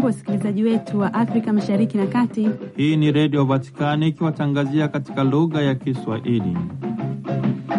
Hamjambo wasikilizaji wetu wa Afrika Mashariki na Kati. Hii ni Redio Vatikani ikiwatangazia katika lugha ya Kiswahili. Mm.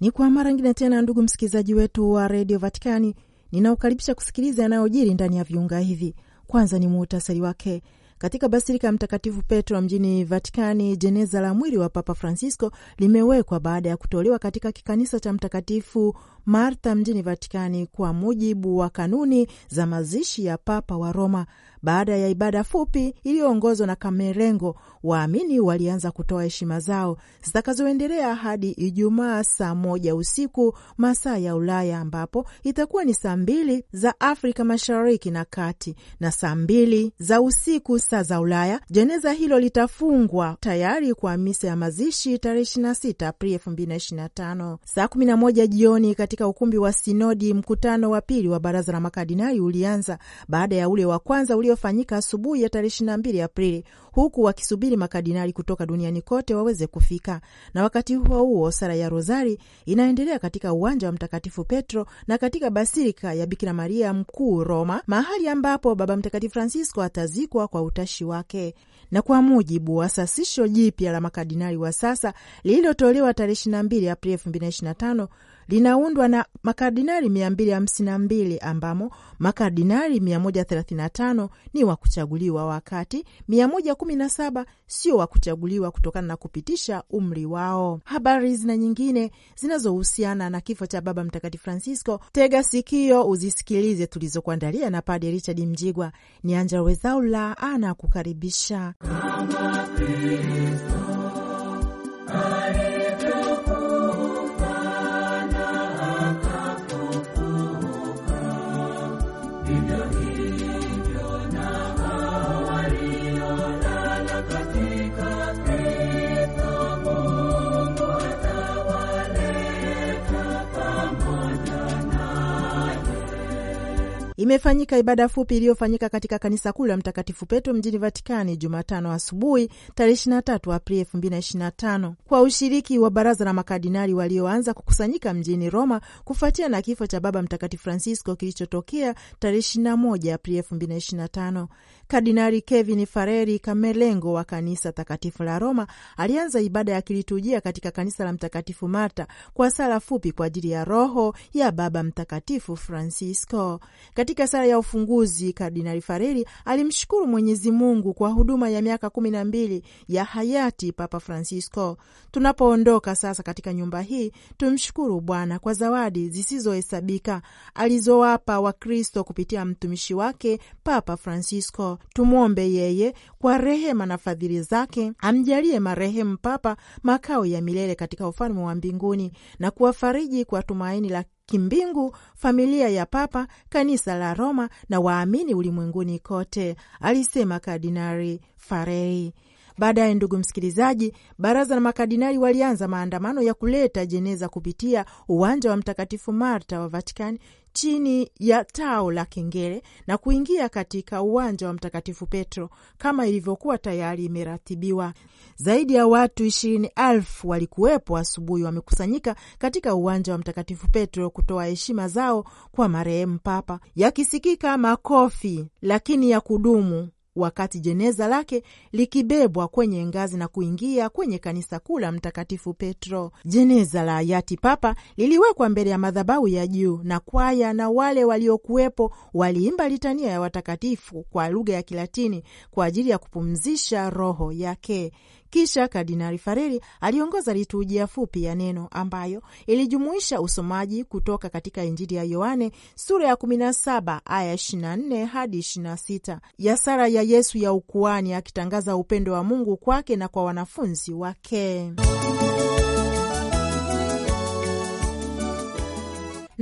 Ni kwa mara ngine tena, ndugu msikilizaji wetu wa Redio Vatikani, ninaokaribisha kusikiliza yanayojiri ndani ya viunga hivi. Kwanza ni muhtasari wake. Katika basilika ya Mtakatifu Petro mjini Vatikani, jeneza la mwili wa Papa Francisco limewekwa baada ya kutolewa katika kikanisa cha Mtakatifu Marta mjini Vatikani kwa mujibu wa kanuni za mazishi ya Papa wa Roma. Baada ya ibada fupi iliyoongozwa na Kamerengo, waamini walianza kutoa heshima zao zitakazoendelea hadi Ijumaa saa moja usiku masaa ya Ulaya, ambapo itakuwa ni saa mbili za Afrika Mashariki na Kati na saa mbili za usiku saa za Ulaya. Jeneza hilo litafungwa tayari kwa misa ya mazishi tarehe 26 Aprili 2025 saa 11 jioni katika ukumbi wa sinodi. Mkutano wa pili wa baraza la makardinali ulianza baada ya ule wa kwanza uliofanyika asubuhi ya tarehe 22 Aprili, huku wakisubiri makardinali kutoka duniani kote waweze kufika. Na wakati huo huo, sala ya Rozari inaendelea katika uwanja wa Mtakatifu Petro na katika basilika ya Bikira Maria Mkuu Roma, mahali ambapo Baba Mtakatifu Francisco atazikwa kwa utashi wake na kwa mujibu wa sasisho jipya la makardinali wa sasa lililotolewa tarehe 22 Aprili 2025 linaundwa na makardinali 252 ambamo makardinali 135 ni wakuchaguliwa, wakati 117 sio wakuchaguliwa kutokana na kupitisha umri wao. Habari zina nyingine zinazohusiana na kifo cha Baba Mtakatifu Francisco, tega sikio uzisikilize tulizokuandalia na Padre Richard Mjigwa. Ni Angella Rwezaula anakukaribisha. imefanyika ibada fupi iliyofanyika katika kanisa kuu la Mtakatifu Petro mjini Vatikani Jumatano asubuhi tarehe 23 Aprili 2025 kwa ushiriki wa baraza la makardinali walioanza kukusanyika mjini Roma kufuatia na kifo cha Baba Mtakatifu Francisco kilichotokea tarehe 21 Aprili 2025. Kardinali Kevin Fareri Kamelengo wa kanisa takatifu la Roma alianza ibada ya kilitujia katika kanisa la Mtakatifu Marta kwa sala fupi kwa ajili ya roho ya Baba Mtakatifu Francisco. Katika katika sala ya ufunguzi, Kardinali Fareli alimshukuru Mwenyezi Mungu kwa huduma ya miaka kumi na mbili ya hayati Papa Francisco. Tunapoondoka sasa katika nyumba hii, tumshukuru Bwana kwa zawadi zisizohesabika alizowapa Wakristo kupitia mtumishi wake Papa Francisco. Tumwombe yeye kwa rehema na fadhili zake amjalie marehemu Papa makao ya milele katika ufalme wa mbinguni na kuwafariji kwa tumaini la kimbingu, familia ya Papa, kanisa la Roma na waamini ulimwenguni kote, alisema Kardinari Farei. Baadaye, ndugu msikilizaji, baraza la makardinali walianza maandamano ya kuleta jeneza kupitia uwanja wa Mtakatifu Marta wa Vatikani chini ya tao la kengele na kuingia katika uwanja wa Mtakatifu Petro kama ilivyokuwa tayari imeratibiwa. Zaidi ya watu ishirini elfu walikuwepo asubuhi, wamekusanyika katika uwanja wa Mtakatifu Petro kutoa heshima zao kwa marehemu Papa, yakisikika makofi lakini ya kudumu wakati jeneza lake likibebwa kwenye ngazi na kuingia kwenye kanisa kuu la Mtakatifu Petro. Jeneza la hayati Papa liliwekwa mbele ya madhabahu ya juu, na kwaya na wale waliokuwepo waliimba litania ya watakatifu kwa lugha ya Kilatini kwa ajili ya kupumzisha roho yake. Kisha Kardinali Fareli aliongoza liturujia fupi ya neno ambayo ilijumuisha usomaji kutoka katika Injili ya Yohane sura ya 17 aya 24 hadi 26 ya sara ya Yesu ya ukuani, akitangaza upendo wa Mungu kwake na kwa wanafunzi wake.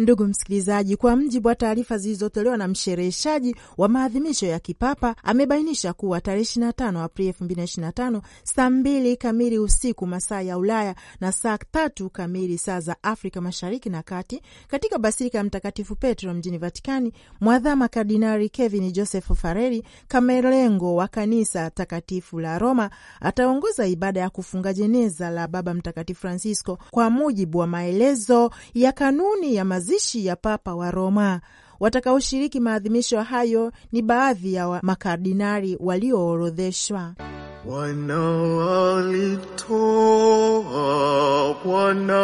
Ndugu msikilizaji, kwa mjibu wa taarifa zilizotolewa na mshereheshaji wa maadhimisho ya kipapa amebainisha kuwa tarehe 25 Aprili 2025 saa mbili kamili usiku masaa ya Ulaya na saa tatu kamili saa za Afrika Mashariki na Kati, katika Basilika ya Mtakatifu Petro mjini Vatikani, mwadhama Kardinari Kevin Joseph fareri kamerlengo wa Kanisa Takatifu la Roma, ataongoza ibada ya kufunga jeneza la Baba Mtakatifu Francisco kwa mujibu wa maelezo ya kanuni ya mazingira mazishi ya Papa wa Roma. Watakaoshiriki maadhimisho hayo ni baadhi ya wa makardinali walioorodheshwa. Wana walitoa Bwana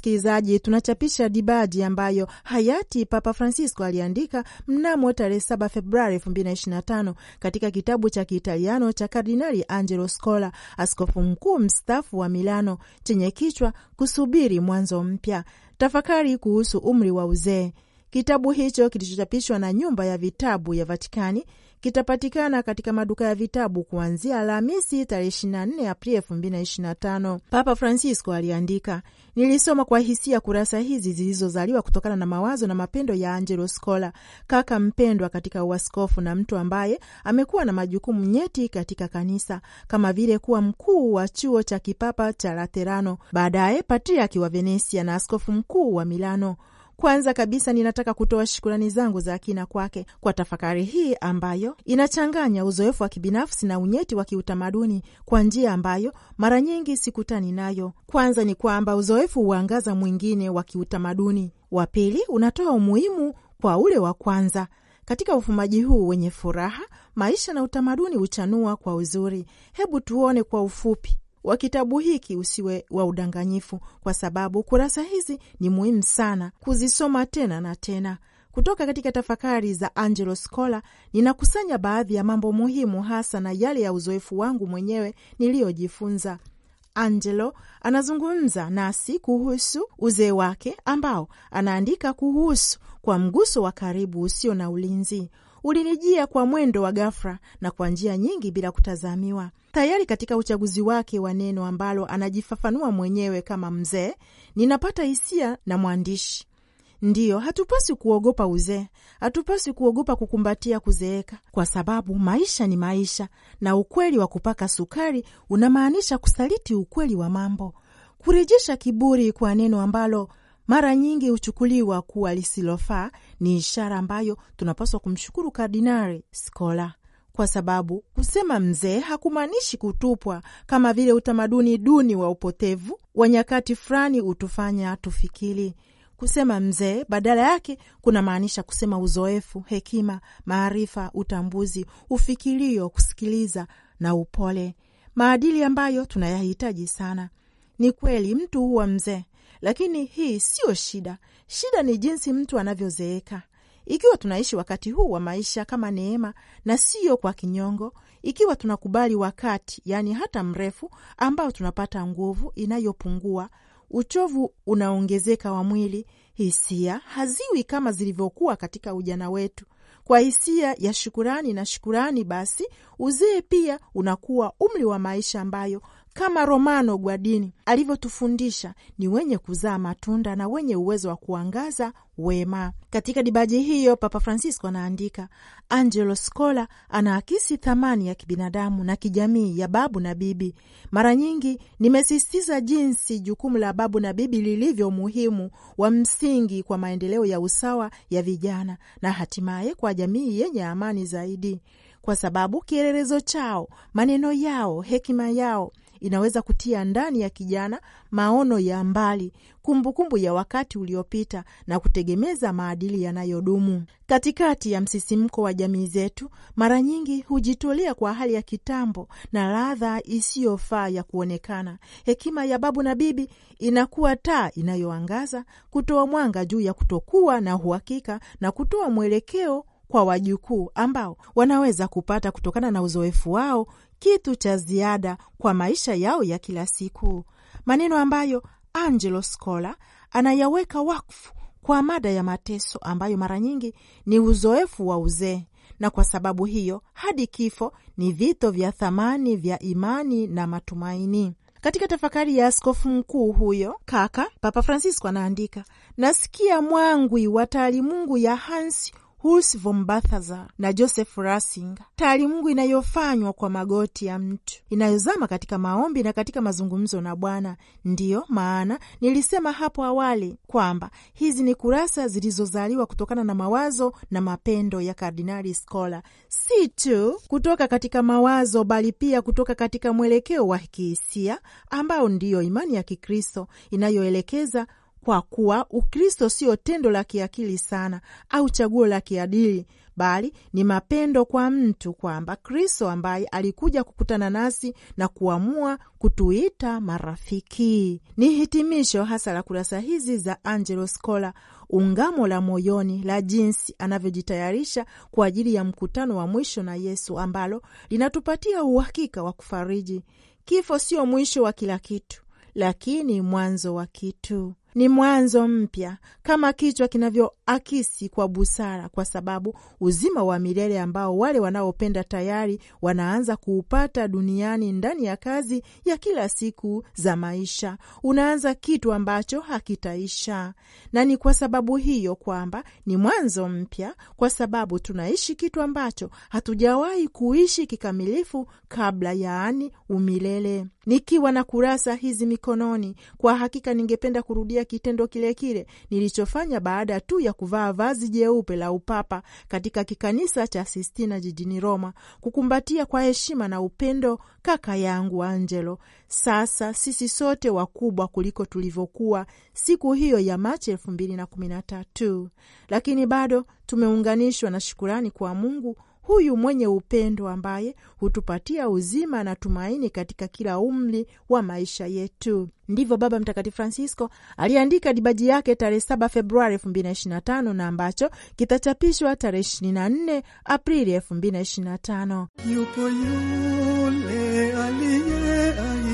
msikilizaji, tunachapisha dibaji ambayo hayati Papa Francisco aliandika mnamo tarehe 7 Februari 2025 katika kitabu cha Kiitaliano cha Kardinali Angelo Scola, askofu mkuu mstaafu wa Milano, chenye kichwa Kusubiri mwanzo mpya, tafakari kuhusu umri wa uzee. Kitabu hicho kilichochapishwa na nyumba ya vitabu ya Vatikani kitapatikana katika maduka ya vitabu kuanzia Alhamisi tarehe 24 Aprili 2025. Papa Francisco aliandika, nilisoma kwa hisia kurasa hizi zilizozaliwa kutokana na mawazo na mapendo ya Angelo Scola, kaka mpendwa katika uaskofu na mtu ambaye amekuwa na majukumu nyeti katika kanisa kama vile kuwa mkuu wa chuo cha kipapa cha Laterano, baadaye patriaki wa Venesia na askofu mkuu wa Milano. Kwanza kabisa ninataka kutoa shukurani zangu za kina kwake kwa tafakari hii ambayo inachanganya uzoefu wa kibinafsi na unyeti wa kiutamaduni kwa njia ambayo mara nyingi sikutani nayo. Kwanza ni kwamba uzoefu huangaza mwingine wa kiutamaduni, wa pili unatoa umuhimu kwa ule wa kwanza. Katika ufumaji huu wenye furaha, maisha na utamaduni huchanua kwa uzuri. Hebu tuone kwa ufupi wa kitabu hiki usiwe wa udanganyifu, kwa sababu kurasa hizi ni muhimu sana kuzisoma tena na tena. Kutoka katika tafakari za Angelo Scola ninakusanya baadhi ya mambo muhimu, hasa na yale ya uzoefu wangu mwenyewe niliyojifunza. Angelo anazungumza nasi kuhusu uzee wake, ambao anaandika kuhusu kwa mguso wa karibu usio na ulinzi ulirejea kwa mwendo wa ghafla na kwa njia nyingi bila kutazamiwa. Tayari katika uchaguzi wake wa neno ambalo anajifafanua mwenyewe kama mzee, ninapata hisia na mwandishi Ndiyo, hatupaswi kuogopa uzee, hatupaswi kuogopa kukumbatia kuzeeka, kwa sababu maisha ni maisha, na ukweli wa kupaka sukari unamaanisha kusaliti ukweli wa mambo, kurejesha kiburi kwa neno ambalo mara nyingi huchukuliwa kuwa lisilofaa, ni ishara ambayo tunapaswa kumshukuru Kardinari Scola kwa sababu kusema mzee hakumaanishi kutupwa kama vile utamaduni duni wa upotevu wa nyakati fulani hutufanya tufikiri. Kusema mzee badala yake kunamaanisha kusema uzoefu, hekima, maarifa, utambuzi, ufikirio, kusikiliza na upole, maadili ambayo tunayahitaji sana. Ni kweli mtu huwa mzee lakini hii siyo shida. Shida ni jinsi mtu anavyozeeka. Ikiwa tunaishi wakati huu wa maisha kama neema na siyo kwa kinyongo, ikiwa tunakubali wakati, yaani hata mrefu, ambao tunapata nguvu inayopungua, uchovu unaongezeka wa mwili, hisia haziwi kama zilivyokuwa katika ujana wetu. Kwa hisia ya shukurani na shukurani, basi uzee pia unakuwa umri wa maisha ambayo kama Romano Guardini alivyotufundisha ni wenye kuzaa matunda na wenye uwezo wa kuangaza wema. Katika dibaji hiyo, Papa Francisco anaandika, Angelo Scola anaakisi thamani ya kibinadamu na kijamii ya babu na bibi. Mara nyingi nimesisitiza jinsi jukumu la babu na bibi lilivyo muhimu wa msingi kwa maendeleo ya usawa ya vijana na hatimaye kwa jamii yenye amani zaidi, kwa sababu kielelezo chao, maneno yao, hekima yao inaweza kutia ndani ya kijana maono ya mbali, kumbukumbu kumbu ya wakati uliopita na kutegemeza maadili yanayodumu. Katikati ya msisimko wa jamii zetu, mara nyingi hujitolea kwa hali ya kitambo na ladha isiyofaa ya kuonekana. Hekima ya babu na bibi inakuwa taa inayoangaza, kutoa mwanga juu ya kutokuwa na uhakika na kutoa mwelekeo kwa wajukuu ambao wanaweza kupata kutokana na uzoefu wao kitu cha ziada kwa maisha yao ya kila siku, maneno ambayo Angelo Scola anayaweka wakfu kwa mada ya mateso ambayo mara nyingi ni uzoefu wa uzee, na kwa sababu hiyo hadi kifo ni vito vya thamani vya imani na matumaini. Katika tafakari ya askofu mkuu huyo kaka, Papa Francisco anaandika, nasikia mwangwi wa taalimungu ya Hansi Hus von Balthasar na Joseph Ratzinger, taalimungu inayofanywa kwa magoti ya mtu inayozama katika maombi na katika mazungumzo na Bwana. Ndiyo maana nilisema hapo awali kwamba hizi ni kurasa zilizozaliwa kutokana na mawazo na mapendo ya Kardinali Scola, si tu kutoka katika mawazo, bali pia kutoka katika mwelekeo wa kihisia ambao ndiyo imani ya Kikristo inayoelekeza kwa kuwa Ukristo sio tendo la kiakili sana au chaguo la kiadili, bali ni mapendo kwa mtu, kwamba Kristo ambaye alikuja kukutana nasi na kuamua kutuita marafiki. Ni hitimisho hasa la kurasa hizi za Angelo Scola, ungamo la moyoni la jinsi anavyojitayarisha kwa ajili ya mkutano wa mwisho na Yesu, ambalo linatupatia uhakika wa kufariji. Kifo sio mwisho wa kila kitu, lakini mwanzo wa kitu ni mwanzo mpya kama kichwa kinavyoakisi kwa busara, kwa sababu uzima wa milele ambao wale wanaopenda tayari wanaanza kuupata duniani ndani ya kazi ya kila siku za maisha, unaanza kitu ambacho hakitaisha. Na ni kwa sababu hiyo kwamba ni mwanzo mpya, kwa sababu tunaishi kitu ambacho hatujawahi kuishi kikamilifu kabla, yaani umilele. Nikiwa na kurasa hizi mikononi, kwa hakika ningependa kurudia kitendo kile kile nilichofanya baada tu ya kuvaa vazi jeupe la upapa katika kikanisa cha Sistina jijini Roma, kukumbatia kwa heshima na upendo kaka yangu Angelo. Sasa sisi sote wakubwa kuliko tulivyokuwa siku hiyo ya Machi elfu mbili na kumi na tatu, lakini bado tumeunganishwa na shukurani kwa Mungu huyu mwenye upendo ambaye hutupatia uzima na tumaini katika kila umri wa maisha yetu. Ndivyo Baba Mtakatifu Francisco aliandika dibaji yake tarehe 7 Februari 2025 na ambacho kitachapishwa tarehe 24 Aprili 2025. Yupo yule aliyeahidi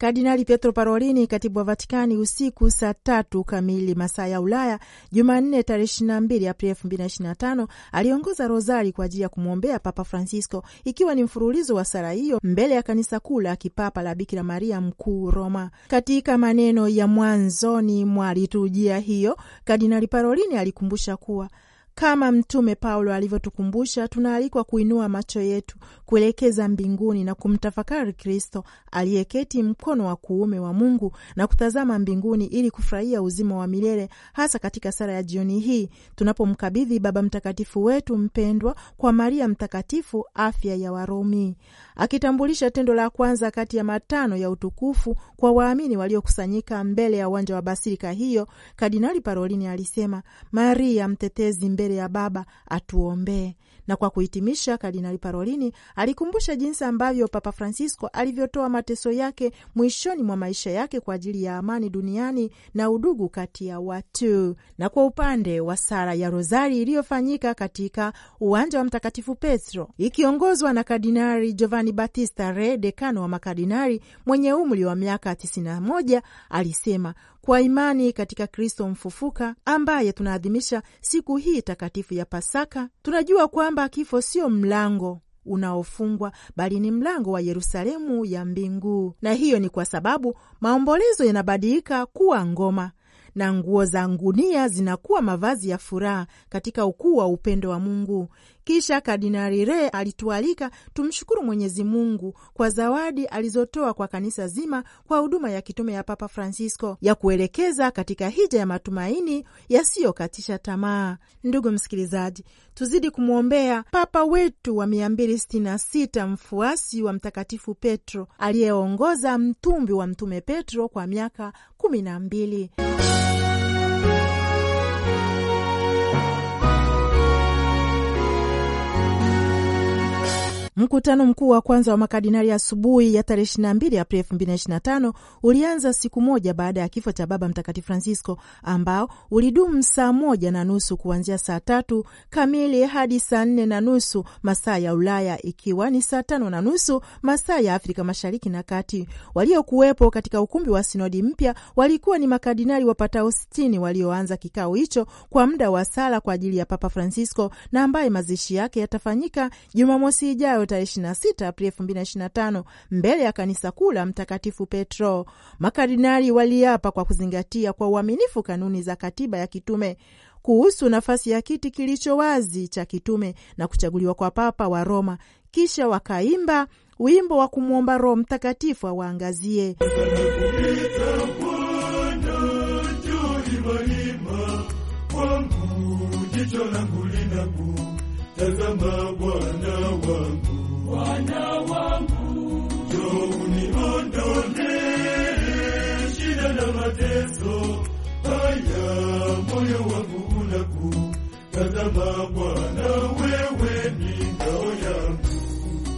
Kardinali Pietro Parolini, katibu wa Vatikani, usiku saa tatu kamili masaa ya Ulaya, Jumanne tarehe 22 Aprili 2025 aliongoza rosari kwa ajili ya kumwombea Papa Francisco, ikiwa ni mfululizo wa sara hiyo mbele ya kanisa kuu la kipapa la Bikira Maria Mkuu, Roma. Katika maneno ya mwanzoni mwa liturujia hiyo, Kardinali Parolini alikumbusha kuwa kama Mtume Paulo alivyotukumbusha, tunaalikwa kuinua macho yetu kuelekeza mbinguni na kumtafakari Kristo aliyeketi mkono wa kuume wa Mungu na kutazama mbinguni ili kufurahia uzima wa milele, hasa katika sala ya jioni hii tunapomkabidhi Baba Mtakatifu wetu mpendwa kwa Maria Mtakatifu, afya ya Warumi, akitambulisha tendo la kwanza kati ya matano ya utukufu kwa waamini waliokusanyika mbele ya uwanja wa basilika hiyo. Kardinali Parolini alisema, Maria mtetezi mbele mbele ya Baba atuombee, na kwa kuhitimisha, Kardinali Parolini alikumbusha jinsi ambavyo Papa Francisco alivyotoa mateso yake mwishoni mwa maisha yake kwa ajili ya amani duniani na udugu kati ya watu. Na kwa upande wa sala ya Rozari iliyofanyika katika uwanja wa Mtakatifu Petro ikiongozwa na Kardinali Giovanni Battista Re, dekano wa makardinali mwenye umri wa miaka 91, alisema kwa imani katika Kristo mfufuka ambaye tunaadhimisha siku hii takatifu ya Pasaka, tunajua kwamba kwamba kifo sio mlango unaofungwa bali ni mlango wa Yerusalemu ya mbingu. Na hiyo ni kwa sababu maombolezo yanabadilika kuwa ngoma na nguo za ngunia zinakuwa mavazi ya furaha katika ukuu wa upendo wa Mungu. Kisha Kardinali Re alitualika tumshukuru Mwenyezi Mungu kwa zawadi alizotoa kwa kanisa zima kwa huduma ya kitume ya Papa Francisco ya kuelekeza katika hija ya matumaini yasiyokatisha tamaa. Ndugu msikilizaji, tuzidi kumwombea Papa wetu wa 266 mfuasi wa Mtakatifu Petro aliyeongoza mtumbi wa Mtume Petro kwa miaka kumi na mbili. Mkutano mkuu wa kwanza wa makardinali asubuhi ya tarehe 22 Aprili 2025 ulianza siku moja baada ya kifo cha Baba Mtakatifu Francisco, ambao ulidumu saa moja na nusu kuanzia saa tatu kamili hadi saa nne na nusu masaa ya Ulaya, ikiwa ni saa tano na nusu masaa ya Afrika Mashariki na Kati. Waliokuwepo katika ukumbi wa sinodi mpya walikuwa ni makardinali wapatao sitini walioanza kikao hicho kwa muda wa sala kwa ajili ya Papa Francisco na ambaye mazishi yake yatafanyika Jumamosi ijayo tarehe 26 Aprili 2025 mbele ya kanisa kuu la Mtakatifu Petro. Makardinali waliapa kwa kuzingatia kwa uaminifu kanuni za katiba ya kitume kuhusu nafasi ya kiti kilicho wazi cha kitume na kuchaguliwa kwa papa wa Roma, kisha wakaimba wimbo wa kumwomba Roho Mtakatifu awaangazie wa Bwana wangu, shida na mateso haya, moyo wangu unaku tazama Bwana, wewe ni ngao yangu.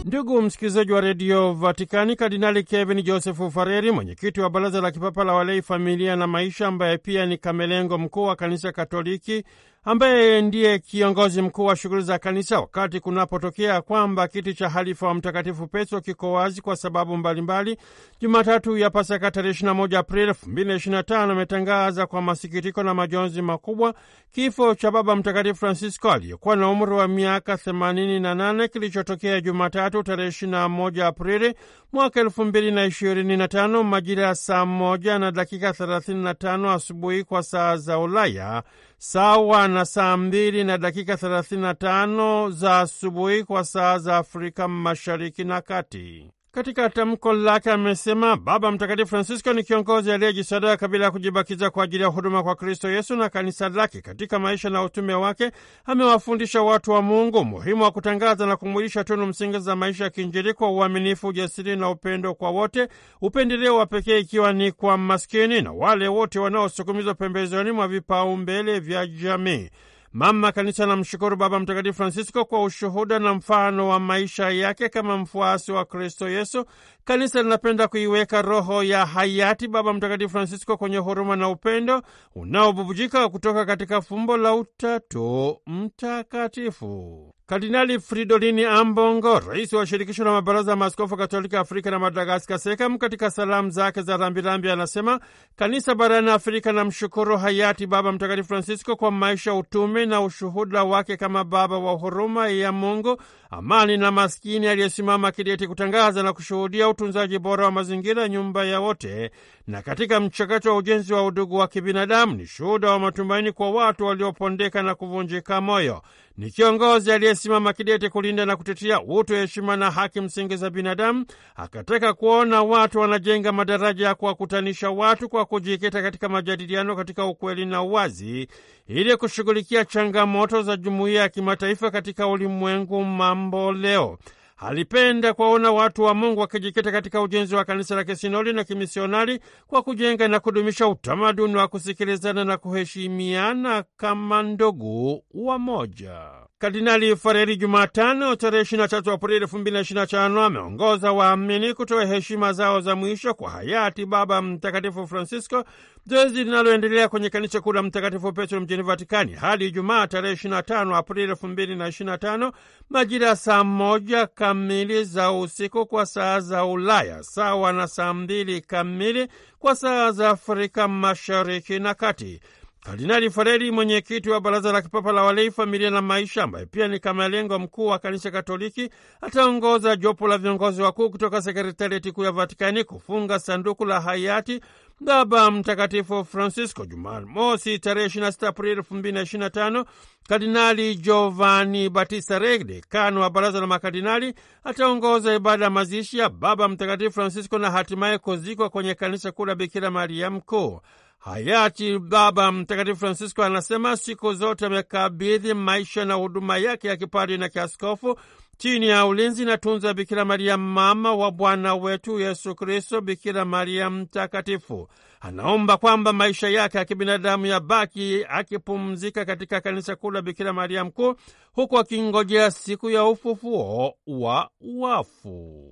Ndugu msikilizaji wa redio Vatikani, Kardinali Kevin Josefu Fareri, mwenyekiti wa baraza la kipapa la walei, familia na maisha, ambaye pia ni kamelengo mkuu wa kanisa Katoliki, ambaye ndiye kiongozi mkuu wa shughuli za kanisa, wakati kunapotokea kwamba kiti cha halifa wa Mtakatifu Petro kiko wazi kwa sababu mbalimbali. Jumatatu ya Pasaka tarehe 21 Aprili 2025 ametangaza kwa masikitiko na majonzi makubwa kifo cha Baba Mtakatifu Francisco aliyekuwa na umri wa miaka 88 kilichotokea Jumatatu tarehe 21 Aprili mwaka 2025 majira ya saa 1 na dakika 35 asubuhi kwa saa za Ulaya sawa na saa mbili na dakika 35 za asubuhi kwa saa za Afrika Mashariki na Kati. Katika tamko lake amesema Baba Mtakatifu Francisco ni kiongozi aliyejisadaka bila ya kujibakiza kwa ajili ya huduma kwa Kristo Yesu na kanisa lake. Katika maisha na utume wake amewafundisha watu wa Mungu umuhimu wa kutangaza na kumwilisha tunu msingi za maisha ya kiinjili kwa uaminifu, ujasiri na upendo kwa wote, upendeleo wa pekee ikiwa ni kwa maskini na wale wote wanaosukumizwa pembezoni mwa vipaumbele vya jamii. Mama Kanisa namshukuru Baba Mtakatifu Francisco kwa ushuhuda na mfano wa maisha yake kama mfuasi wa Kristo Yesu. Kanisa linapenda kuiweka roho ya hayati Baba Mtakatifu Francisco kwenye huruma na upendo unaobubujika kutoka katika fumbo la Utatu Mtakatifu. Kardinali Fridolini Ambongo, rais wa shirikisho la mabaraza ya maaskofu katolika Afrika na Madagaskar, SEKAM, katika salamu zake za rambirambi anasema kanisa barani Afrika na mshukuru hayati Baba Mtakatifu Francisco kwa maisha, utume na ushuhuda wake kama baba wa huruma ya Mungu amani na maskini, aliyesimama kidete kutangaza na kushuhudia utunzaji bora wa mazingira, nyumba ya wote, na katika mchakato wa ujenzi wa udugu wa kibinadamu, ni shuhuda wa matumaini kwa watu waliopondeka na kuvunjika moyo. Ni kiongozi aliyesimama kidete kulinda na kutetea utu, heshima na haki msingi za binadamu. Akataka kuona watu wanajenga madaraja ya kuwakutanisha watu kwa kujikita katika majadiliano katika ukweli na uwazi, ili kushughulikia changamoto za jumuiya ya kimataifa katika ulimwengu mama mamboleo. Alipenda kuwaona watu wa Mungu wakijikita katika ujenzi wa kanisa la kisinoli na kimisionari kwa kujenga na kudumisha utamaduni wa kusikilizana na kuheshimiana kama ndugu wa moja. Kardinali Fareri Jumatano tarehe 23 Aprili 2025 ameongoza waamini kutoa heshima zao za mwisho kwa hayati Baba Mtakatifu Francisco, zoezi linaloendelea kwenye kanisa kuu la Mtakatifu Petro mjini Vatikani hadi Ijumaa tarehe 25 Aprili 2025 majira ya saa moja kamili za usiku kwa saa za Ulaya, sawa na saa mbili kamili kwa saa za Afrika Mashariki na Kati. Kardinali Fareli, mwenyekiti wa Baraza la Kipapa la Walei, Familia na Maisha, ambaye pia ni kama lengo mkuu wa Kanisa Katoliki, ataongoza jopo la viongozi wakuu kutoka sekretarieti kuu ya Vatikani kufunga sanduku la hayati Baba Mtakatifu Francisco Jumamosi tarehe 26 Aprili 2025, Kardinali Giovanni Battista Re, dekano wa baraza la makardinali, ataongoza ibada ya mazishi ya Baba Mtakatifu Francisco na hatimaye kuzikwa kwenye kanisa kuu la Bikira Maria Mkuu. Hayati Baba Mtakatifu Francisco anasema siku zote amekabidhi maisha na huduma yake ya kipadri na kiaskofu chini ya ulinzi na tunza Bikira Maria, mama wa Bwana wetu Yesu Kristo. Bikira Maria Mtakatifu anaomba kwamba maisha yake ya kibinadamu yabaki akipumzika katika kanisa kuu la Bikira Maria Mkuu, huku akingojea siku ya ufufuo wa wafu.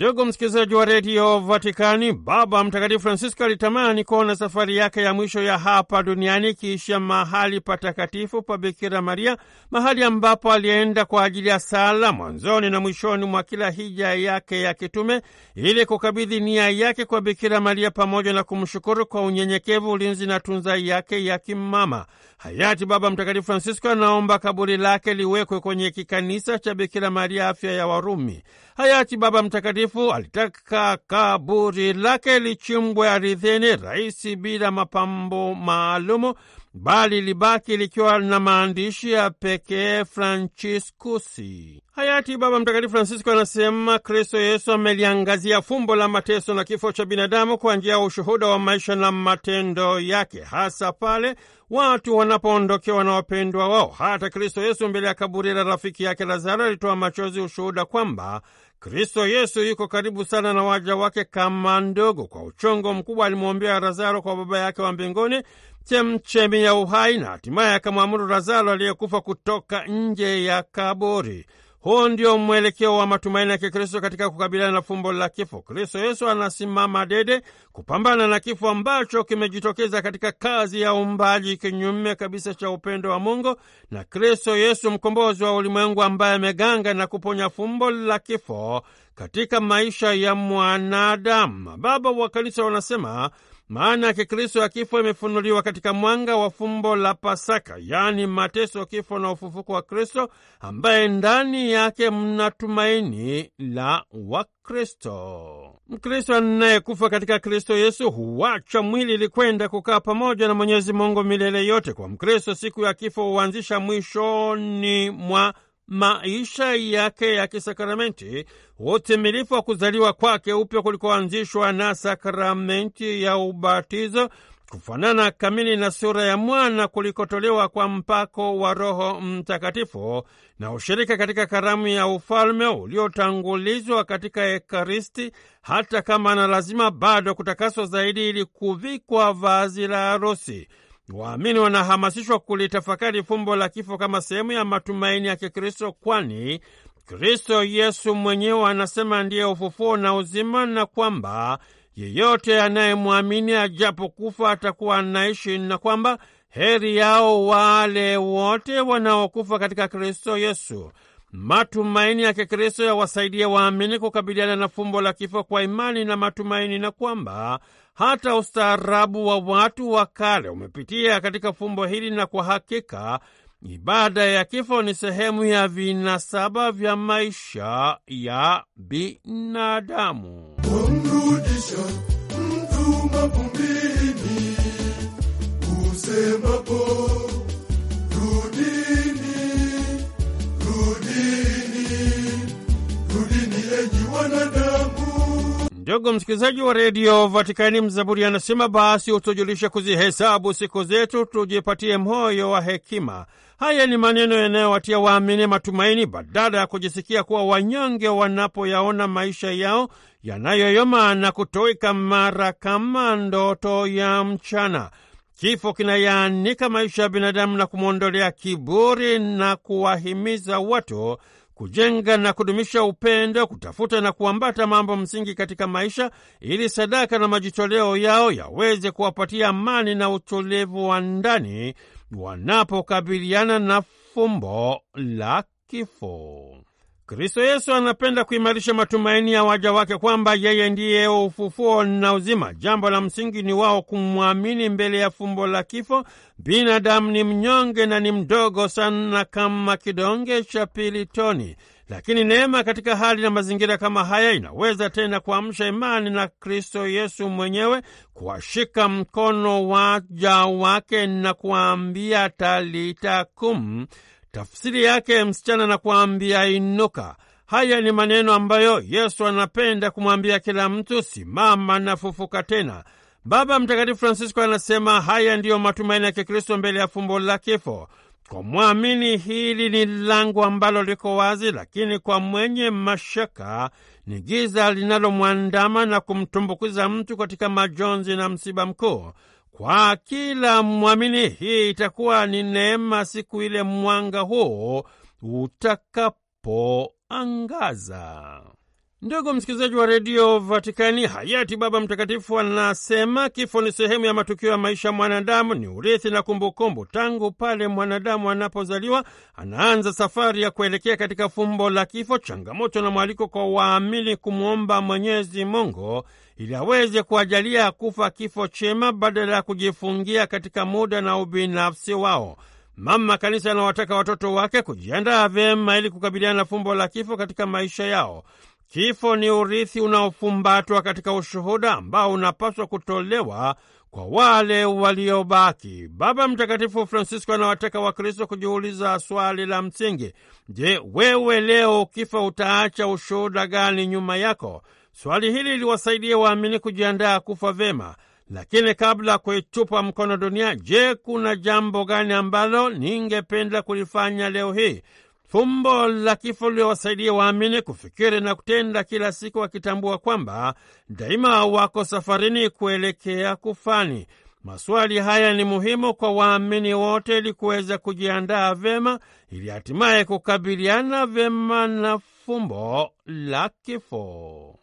Ndugu msikilizaji wa redio Vatikani, Baba Mtakatifu Francisco alitamani kuona safari yake ya mwisho ya hapa duniani ikiishia mahali patakatifu pa Bikira Maria, mahali ambapo alienda kwa ajili ya sala mwanzoni na mwishoni mwa kila hija yake ya kitume, ili kukabidhi nia yake kwa Bikira Maria pamoja na kumshukuru kwa unyenyekevu, ulinzi na tunza yake ya kimama. Hayati Baba Mtakatifu Francisco anaomba kaburi lake liwekwe kwenye kikanisa cha Bikira Maria Afya ya Warumi. Hayati Baba Mtakatifu Mtakatifu alitaka kaburi lake lichimbwe aridhini rahisi bila mapambo maalumu, bali libaki likiwa na maandishi ya pekee Franciscusi. Hayati Baba Mtakatifu Francisco anasema Kristo Yesu ameliangazia fumbo la mateso na kifo cha binadamu kwa njia ya ushuhuda wa maisha na matendo yake, hasa pale watu wanapoondokewa na wapendwa wao. Hata Kristo Yesu mbele ya kaburi la rafiki yake Lazaro alitoa machozi, ushuhuda kwamba Kristo Yesu yuko karibu sana na waja wake kama ndogo. Kwa uchongo mkubwa alimwombea Lazaro kwa Baba yake wa mbinguni, chemchemi ya uhai, na hatimaye akamwamuru Lazaro aliyekufa kutoka nje ya kaburi. Huu ndio mwelekeo wa matumaini ya Kikristo katika kukabiliana na fumbo la kifo. Kristo Yesu anasimama dede kupambana na kifo ambacho kimejitokeza katika kazi ya umbaji kinyume kabisa cha upendo wa Mungu, na Kristo Yesu mkombozi wa ulimwengu, ambaye ameganga na kuponya fumbo la kifo katika maisha ya mwanadamu. Mababa wa Kanisa wanasema maana ya Kikristo ya kifo imefunuliwa katika mwanga wa fumbo la Pasaka, yaani mateso, kifo na ufufuko wa Kristo, ambaye ndani yake mna tumaini la Wakristo. Mkristo anayekufa katika Kristo Yesu huwacha mwili ili kwenda kukaa pamoja na Mwenyezi Mungu milele yote. Kwa Mkristo, siku ya kifo huanzisha mwishoni mwa maisha yake ya kisakramenti, utimilifu wa kuzaliwa kwake upya kulikoanzishwa na sakramenti ya ubatizo, kufanana kamili na sura ya mwana kulikotolewa kwa mpako wa Roho Mtakatifu, na ushirika katika karamu ya ufalme uliotangulizwa katika Ekaristi, hata kama na lazima bado kutakaswa zaidi ili kuvikwa vazi la harusi. Waamini wanahamasishwa kulitafakari fumbo la kifo kama sehemu ya matumaini ya Kikristo, kwani Kristo Yesu mwenyewe anasema ndiye ufufuo na uzima, na kwamba yeyote anayemwamini kufa atakuwa anaishi, na kwamba heri yao wale wote wanaokufa katika Kristo Yesu. Matumaini ya Kikristo yawasaidia waamini kukabiliana na fumbo la kifo kwa imani na matumaini, na kwamba hata ustaarabu wa watu wa kale umepitia katika fumbo hili, na kwa hakika ibada ya kifo ni sehemu ya vinasaba vya maisha ya binadamu. Kumrudisha mtu mavumbini usemapo Ndugu msikilizaji wa redio Vatikani, mzaburi anasema, basi utujulishe kuzihesabu siku zetu, tujipatie moyo wa hekima. Haya ni maneno yanayowatia waamini matumaini, badala ya kujisikia kuwa wanyonge wanapoyaona maisha yao yanayoyoma na kutoweka mara kama ndoto ya mchana. Kifo kinayaanika maisha ya binadamu na kumwondolea kiburi na kuwahimiza watu kujenga na kudumisha upendo, kutafuta na kuambata mambo msingi katika maisha, ili sadaka na majitoleo yao yaweze kuwapatia amani na utulivu wa ndani wanapokabiliana na fumbo la kifo. Kristo Yesu anapenda kuimarisha matumaini ya waja wake kwamba yeye ndiye ufufuo na uzima. Jambo la msingi ni wao kumwamini mbele ya fumbo la kifo. Binadamu ni mnyonge na ni mdogo sana kama kidonge cha pilitoni, lakini neema katika hali na mazingira kama haya inaweza tena kuamsha imani na Kristo Yesu mwenyewe kuwashika mkono waja wake na kuwaambia talita kum Tafsiri yake msichana na kuambia inuka. Haya ni maneno ambayo Yesu anapenda kumwambia kila mtu, simama na fufuka tena. Baba Mtakatifu Francisco anasema haya ndiyo matumaini ya Kikristo mbele ya fumbo la kifo. Kwa mwamini hili ni lango ambalo liko wazi, lakini kwa mwenye mashaka ni giza linalomwandama na kumtumbukiza mtu katika majonzi na msiba mkuu. Kwa kila mwamini hii itakuwa ni neema siku ile mwanga huo utakapoangaza. Ndugu msikilizaji wa redio Vatikani, hayati Baba Mtakatifu anasema kifo ni sehemu ya matukio ya maisha ya mwanadamu, ni urithi na kumbukumbu. Tangu pale mwanadamu anapozaliwa, anaanza safari ya kuelekea katika fumbo la kifo, changamoto na mwaliko kwa waamini kumwomba Mwenyezi Mungu ili aweze kuajalia kufa kifo chema badala ya kujifungia katika muda na ubinafsi wao. Mama Kanisa anawataka watoto wake kujiandaa vyema ili kukabiliana na fumbo la kifo katika maisha yao. Kifo ni urithi unaofumbatwa katika ushuhuda ambao unapaswa kutolewa kwa wale waliobaki. Baba Mtakatifu Francisco anawataka Wakristo kujiuliza swali la msingi: Je, wewe leo ukifa utaacha ushuhuda gani nyuma yako? Swali hili liwasaidie waamini kujiandaa kufa vyema. Lakini kabla ya kuitupa mkono dunia, je, kuna jambo gani ambalo ningependa kulifanya leo hii? Fumbo la kifo liwasaidia waamini kufikiri na kutenda kila siku, wakitambua kwamba daima wako safarini kuelekea kufani. Maswali haya ni muhimu kwa waamini wote ili kuweza kujiandaa vyema ili hatimaye kukabiliana vyema na fumbo la kifo.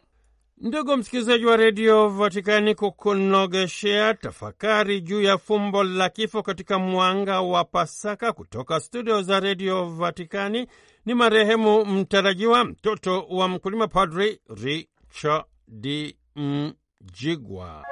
Ndugu msikilizaji wa redio Vatikani, kukunogeshea tafakari juu ya fumbo la kifo katika mwanga wa Pasaka kutoka studio za redio Vatikani ni marehemu mtarajiwa mtoto wa mkulima Padri Richard Mjigwa.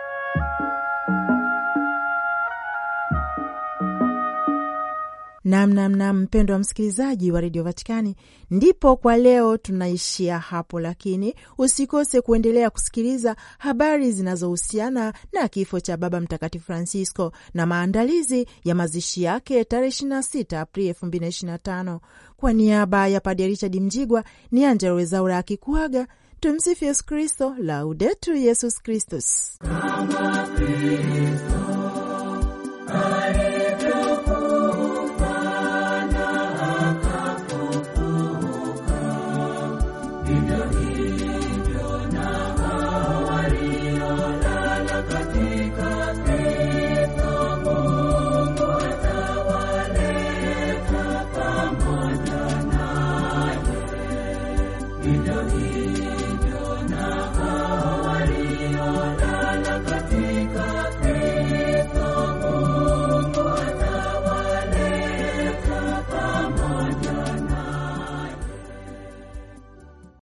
Namnamna mpendo wa msikilizaji wa redio Vatikani, ndipo kwa leo tunaishia hapo, lakini usikose kuendelea kusikiliza habari zinazohusiana na kifo cha Baba Mtakatifu Francisco na maandalizi ya mazishi yake tarehe 26 Aprili 2025. Kwa niaba ya Padre Richard Mjigwa ni Angella Rwezaura akikuaga. Tumsifu Yesu Kristo, Laudetur Yesus Kristus.